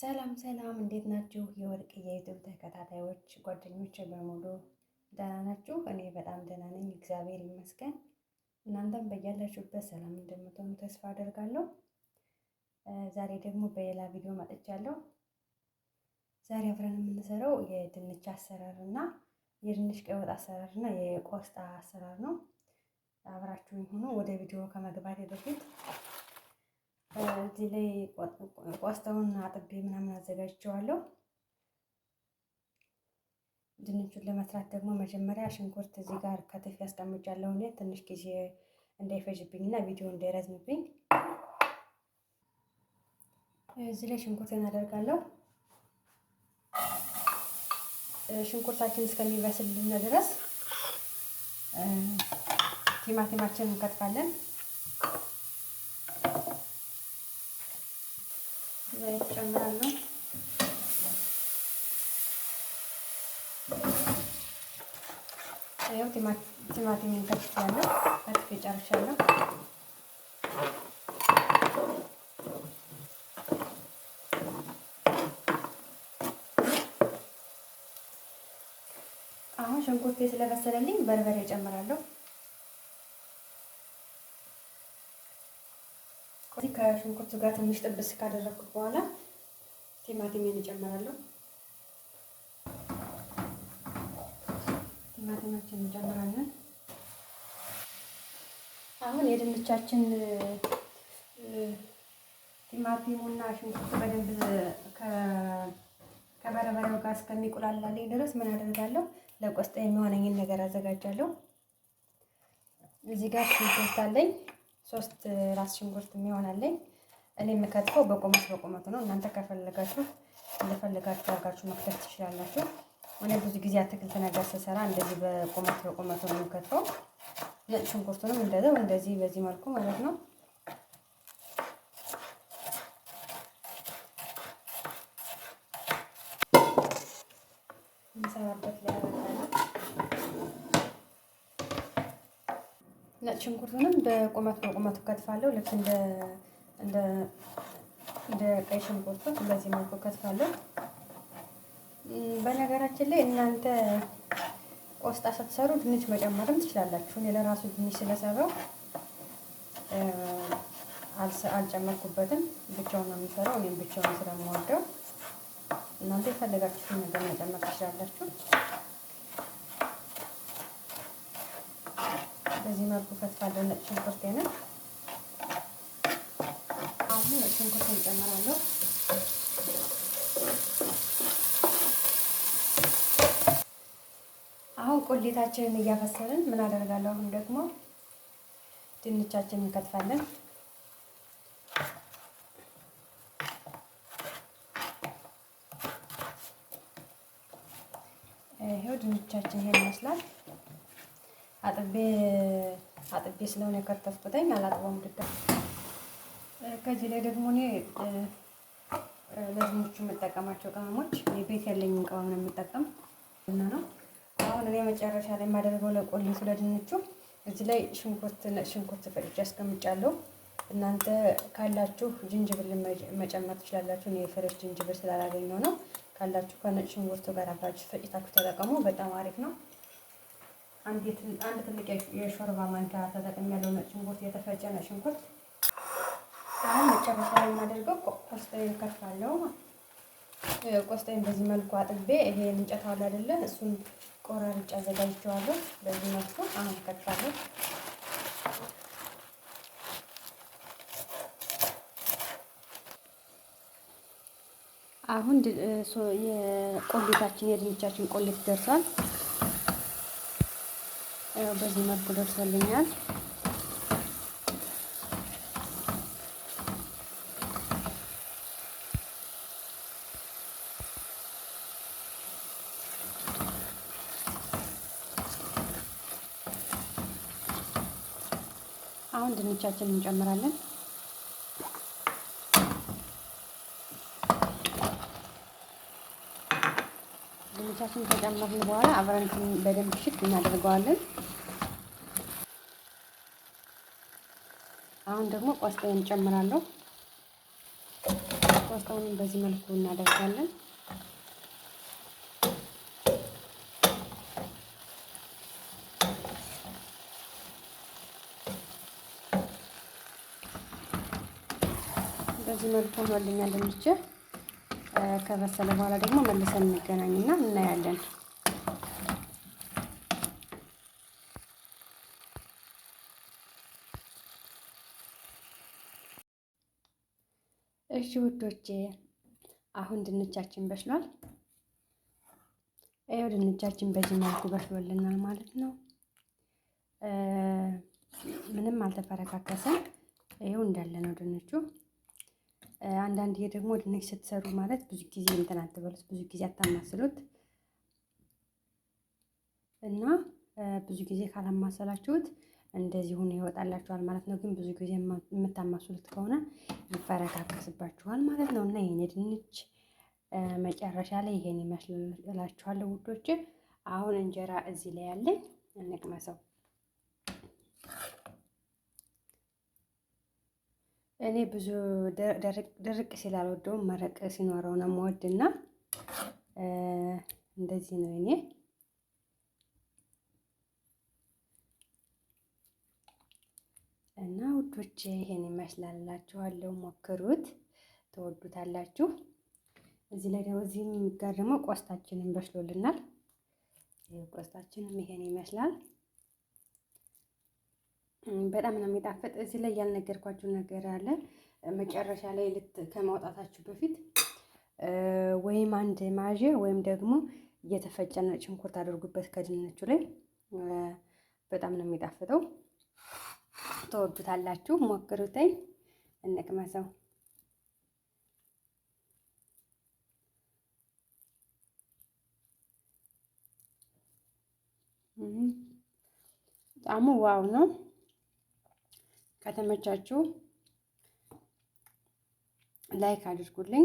ሰላም ሰላም፣ እንዴት ናችሁ? የወርቅ የዩቱብ ተከታታዮች ጓደኞች በሙሉ ደህና ናችሁ? እኔ በጣም ደህና ነኝ፣ እግዚአብሔር ይመስገን። እናንተም በያላችሁበት ሰላም እንደምትሆኑ ተስፋ አደርጋለሁ። ዛሬ ደግሞ በሌላ ቪዲዮ መጥቻለሁ። ዛሬ አብረን የምንሰራው የድንች አሰራር እና የድንች ቀይወጥ አሰራር እና የቆስጣ አሰራር ነው። አብራችሁኝ ሆኖ ወደ ቪዲዮ ከመግባት በፊት ማዕድ ላይ ቆስጠውን አጥቤ ምናምን አዘጋጅቼዋለሁ። ድንቹን ለመስራት ደግሞ መጀመሪያ ሽንኩርት እዚህ ጋር ከትፍ ያስቀምጫለሁ። እኔ ትንሽ ጊዜ እንዳይፈጅብኝ እና ቪዲዮ እንዳይረዝምብኝ እዚህ ላይ ሽንኩርት አደርጋለሁ። ሽንኩርታችን እስከሚበስልን ድረስ ቲማቲማችን እንከትፋለን። ዘይት ጨምራለሁ። ያው ቲማቲሜን ከትፌያለሁ፣ ከትፌ ጨርሻለሁ። አሁን ሽንኩርቴ ስለበሰለልኝ በርበሬ ጨምራለሁ። እዚህ ከሽንኩርቱ ጋር ትንሽ ጥብስ ካደረግኩ በኋላ ቲማቲሜን እጨምራለሁ። ቲማቲማችን እንጨምራለን። አሁን የድንቻችን ቲማቲሙና ሽንኩርቱ በደንብ ከበርበሬው ጋር እስከሚቁላላልኝ ድረስ ምን አደርጋለሁ? ለቆስጣ የሚሆነኝን ነገር አዘጋጃለሁ። እዚህ ጋር ሽንኩርት አለኝ። ሶስት ራስ ሽንኩርት የሚሆናለኝ እኔ የምከትፈው በቁመት በቁመቱ ነው። እናንተ ከፈለጋችሁ እንደፈለጋችሁ አድርጋችሁ መክተፍ ትችላላችሁ። እኔ ብዙ ጊዜ አትክልት ነገር ስሰራ እንደዚህ በቁመት በቁመቱ ነው የምከትፈው። ነጭ ሽንኩርቱንም እንደዚያው እንደዚህ በዚህ መልኩ ማለት ነው ነጭ ሽንኩርቱንም በቁመት በቁመቱ ከትፋለሁ። ልክ እንደ እንደ እንደ ቀይ ሽንኩርቱ በዚህ መልኩ ከትፋለሁ። በነገራችን ላይ እናንተ ቆስጣ ስትሰሩ ድንች መጨመርም ትችላላችሁ። እኔ ለራሱ ድንች ስለሰራው አልጨመርኩበትም። ብቻውን ነው የሚሰራው። እኔም ብቻውን ስለምወደው እናንተ የፈለጋችሁትን ነገር መጨመር ትችላላችሁ። በዚህ መልኩ ከትፋለሁ። ነጭ ሽንኩርት አሁን ነጭ ሽንኩርት እንጨምራለሁ። አሁን ቆሊታችንን እያፈሰልን ምን አደርጋለሁ? አሁን ደግሞ ድንቻችንን እንከትፋለን። ይሄው ድንቻችን ይሄን ይመስላል። አጥቤ አጥቤ ስለሆነ የከተፍኩትኝ አላጥበውም። ድዳ ከዚህ ላይ ደግሞ እኔ ለዝሞቹ የምጠቀማቸው ቅመሞች ቤት ያለኝን ቅመም ነው የምጠቀም እና ነው አሁን እኔ መጨረሻ ላይ የማደርገው ለቆሊቱ ለድንቹ እዚህ ላይ ሽንኩርት ነጭ ሽንኩርት ፈጭቼ አስቀምጫለሁ። እናንተ ካላችሁ ጅንጅብል መጨመር ትችላላችሁ። እኔ ፍሬሽ ጅንጅብል ስላላገኘው ነው። ካላችሁ ከነጭ ሽንኩርቱ ጋር አብራችሁ ፈጭታችሁ ተጠቀሙ። በጣም አሪፍ ነው። አንድ ትልቅ የሾርባ ማንኪያ ተጠቅም ያለው ነጭ ሽንኩርት የተፈጨ ነጭ ሽንኩርት። አሁን መጨረሻ ላይ የማደርገው ቆስጠኝ ከትፋለሁ። ቆስጠኝ በዚህ መልኩ አጥቤ ይሄ እንጨት አለ አይደለ? እሱን ቆራርጬ አዘጋጅቼዋለሁ። በዚህ መልኩ አሁን ከትፋለሁ። አሁን የቆሌታችን የድንቻችን ቆሌት ደርሷል። ያው በዚህ መልኩ ደርሶልኛል። አሁን ድንቻችን እንጨምራለን። ድንቻችን ከጨመርን በኋላ አብረን በደንብ ሽት እናደርገዋለን። አሁን ደግሞ ቆስጣውን እንጨምራለሁ። ቆስጣውንም በዚህ መልኩ እናደርጋለን። በዚህ መልኩ ሆኖልኛል። እንጂ ከበሰለ በኋላ ደግሞ መልሰን እንገናኝና እናያለን። እሺ ውዶቼ አሁን ድንቻችን በስሏል። ይኸው ድንቻችን በዚህ መልኩ በስሎልናል ማለት ነው። ምንም አልተፈረካከሰም። ይኸው እንዳለ ነው ድንቹ። አንዳንድ ጊዜ ደግሞ ድንች ስትሰሩ ማለት ብዙ ጊዜ እንትን አትበሉት፣ ብዙ ጊዜ አታማስሉት እና ብዙ ጊዜ ካላማሰላችሁት እንደዚህ ሆኖ ይወጣላችኋል ማለት ነው። ግን ብዙ ጊዜ የምታማሱሉት ከሆነ ይፈረካከስባችኋል ማለት ነው። እና የኔ ድንች መጨረሻ ላይ ይሄን ይመስላል እላችኋለሁ ውዶች። አሁን እንጀራ እዚህ ላይ ያለኝ እንቅመሰው። እኔ ብዙ ድርቅ ሲላልወደውም መረቅ ሲኖረው ነው የምወድና እንደዚህ ነው እኔ ውዶቼ ይሄን ይመስላላችኋለሁ። ሞክሩት፣ ተወዱታላችሁ። እዚህ ላይ ደግሞ እዚህ ጋር ደግሞ ቆስታችንን በስሎልናል። ቆስታችንም ይሄን ይመስላል። በጣም ነው የሚጣፍጥ። እዚህ ላይ ያልነገርኳችሁ ነገር አለ። መጨረሻ ላይ ልት ከማውጣታችሁ በፊት ወይም አንድ ማዤ ወይም ደግሞ እየተፈጨ ሽንኩርት አድርጉበት ከድንቹ ላይ። በጣም ነው የሚጣፍጠው። ተወዱታላችሁ። ሞክሩትኝ። እንቅመሰው። ጣዕሙ ዋው ነው። ከተመቻችሁ ላይክ አድርጉልኝ።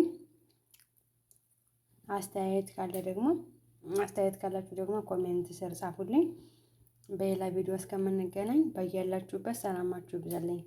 አስተያየት ካለ ደግሞ አስተያየት ካላችሁ ደግሞ ኮሜንት ስር ጻፉልኝ። በሌላ ቪዲዮ እስከምንገናኝ በያላችሁበት ሰላማችሁ ይብዛልኝ።